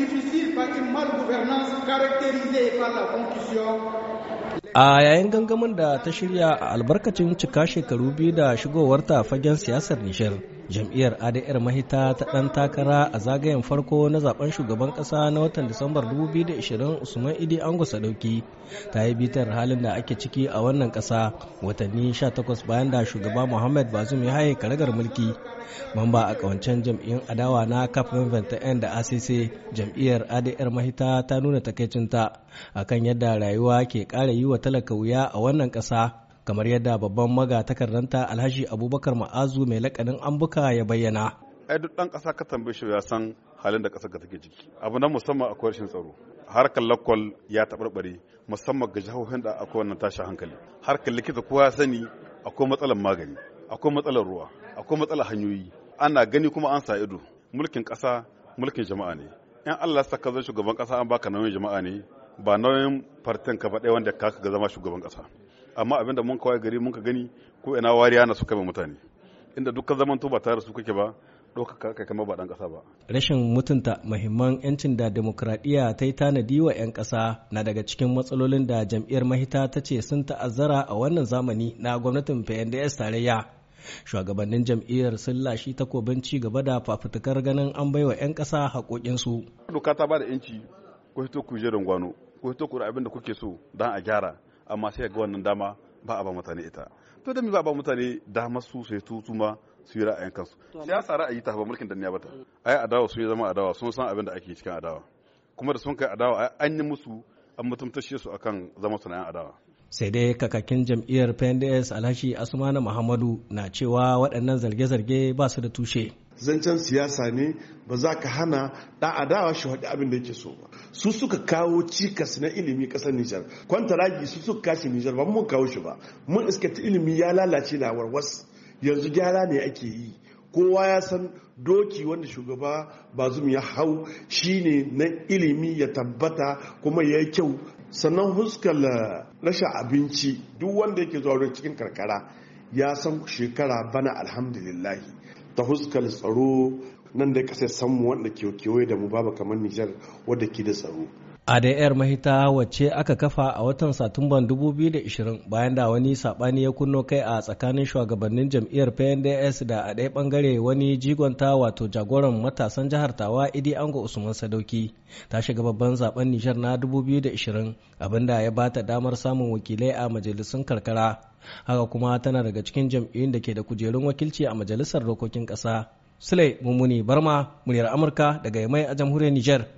difficile par une gouvernance caractérisée par la concussion a yayin gangamin da ta shirya a albarkacin cika shekaru biyu da shigowarta fagen siyasar Nijar, jam'iyyar adr mahita ta ɗan takara a zagayen farko na zaben shugaban ƙasa na watan disambar 2020 usman idi ango sadauki ta yi bitar halin da ake ciki a wannan ƙasa watanni 18 bayan da shugaba muhammad bazum ya haye karagar mulki mamba a kawancen jam'iyyun adawa na kafin yan da acc jam'iyyar adr mahita ta nuna takaicinta akan yadda rayuwa ke kara yi wa talaka wuya a wannan ƙasa kamar yadda babban takardanta alhaji abubakar ma'azu mai lakanin ambuka ya bayyana ai duk ɗan kasa ka tambaye shi ya san halin da kasar ka take ciki abu nan musamman akwai rashin tsaro harkar lakwal ya taɓarɓare musamman ga jihohin da akwai wannan tashin hankali harkar likita kowa ya sani akwai matsalar magani akwai matsalar ruwa akwai matsalar hanyoyi ana gani kuma an sa ido mulkin ƙasa mulkin jama'a ne in Allah saka zai shugaban ƙasa an baka nauyin jama'a ne ba nauyin fartin ka ba faɗe wanda ka ga zama shugaban kasa amma abin da mun kawai gari mun ka gani ko ina wariya na suka kai mutane inda dukkan zamanto ba tare su kake ba ɗaukaka kai kama ba ɗan ƙasa ba. Rashin mutunta muhimman 'yancin da demokradiyya ta yi tanadi wa 'yan kasa na daga cikin matsalolin da jam'iyyar mahita ta ce sun ta'azzara a wannan zamani na gwamnatin PNDS tarayya. Shugabannin jam'iyyar sun lashi takobin ci gaba da fafutukar ganin an baiwa 'yan ƙasa haƙoƙinsu. Doka ta ba da 'yanci ko fito ku je gwano ko fito ku abin da kuke so don a gyara amma sai ga wannan dama ba a ba mutane ita to da mi ba ba mutane dama su sai tutu ma su yi ra'ayin kansu siyasa ra'ayi ta ba mulkin danniya bata ai adawa sun yi zama adawa sun san abin da ake cikin adawa kuma da sun kai adawa an yi musu an mutuntashe su akan zama sana'an adawa sai dai kakakin jam'iyyar pnds alhashi asmana muhammadu na cewa waɗannan zarge-zarge ba su da tushe zancen siyasa ne ba za ka hana da adawa shi haɗe abin da yake so ba su suka kawo cikas na ilimi ƙasar nijar kwanta ragi su suka kashe nijar ba mun kawo shi ba mun iska ta ilimi ya lalace da warwas yanzu gyara ne ake yi kowa ya san doki wanda shugaba bazum ya hau shi ne na ilimi ya tabbata kuma ya yi kyau sannan huskar eh, rashin abinci duk wanda yake zuwa cikin karkara ya san shekara bana alhamdulillahi ta huskar tsaro nan da kasar samu wanda kewaye da mu babu kamar Nijar wadda ke da tsaro ADR mahita wacce aka kafa a watan Satumban 2020 bayan da wani sabani ya kunno kai a tsakanin shugabannin jam'iyyar PNDS da a ɗaya ɓangare wani jigonta wato jagoran matasan jihar Tawa Idi Ango Usman Sadauki ta shiga babban zaben Nijar na 2020 abinda ya bata damar samun wakilai a majalisun karkara haka kuma tana daga cikin jam'iyyun da ke da kujerun wakilci a majalisar dokokin ƙasa. Sule Mummuni Barma, muryar Amurka daga Yamai a jamhuriyar Nijar.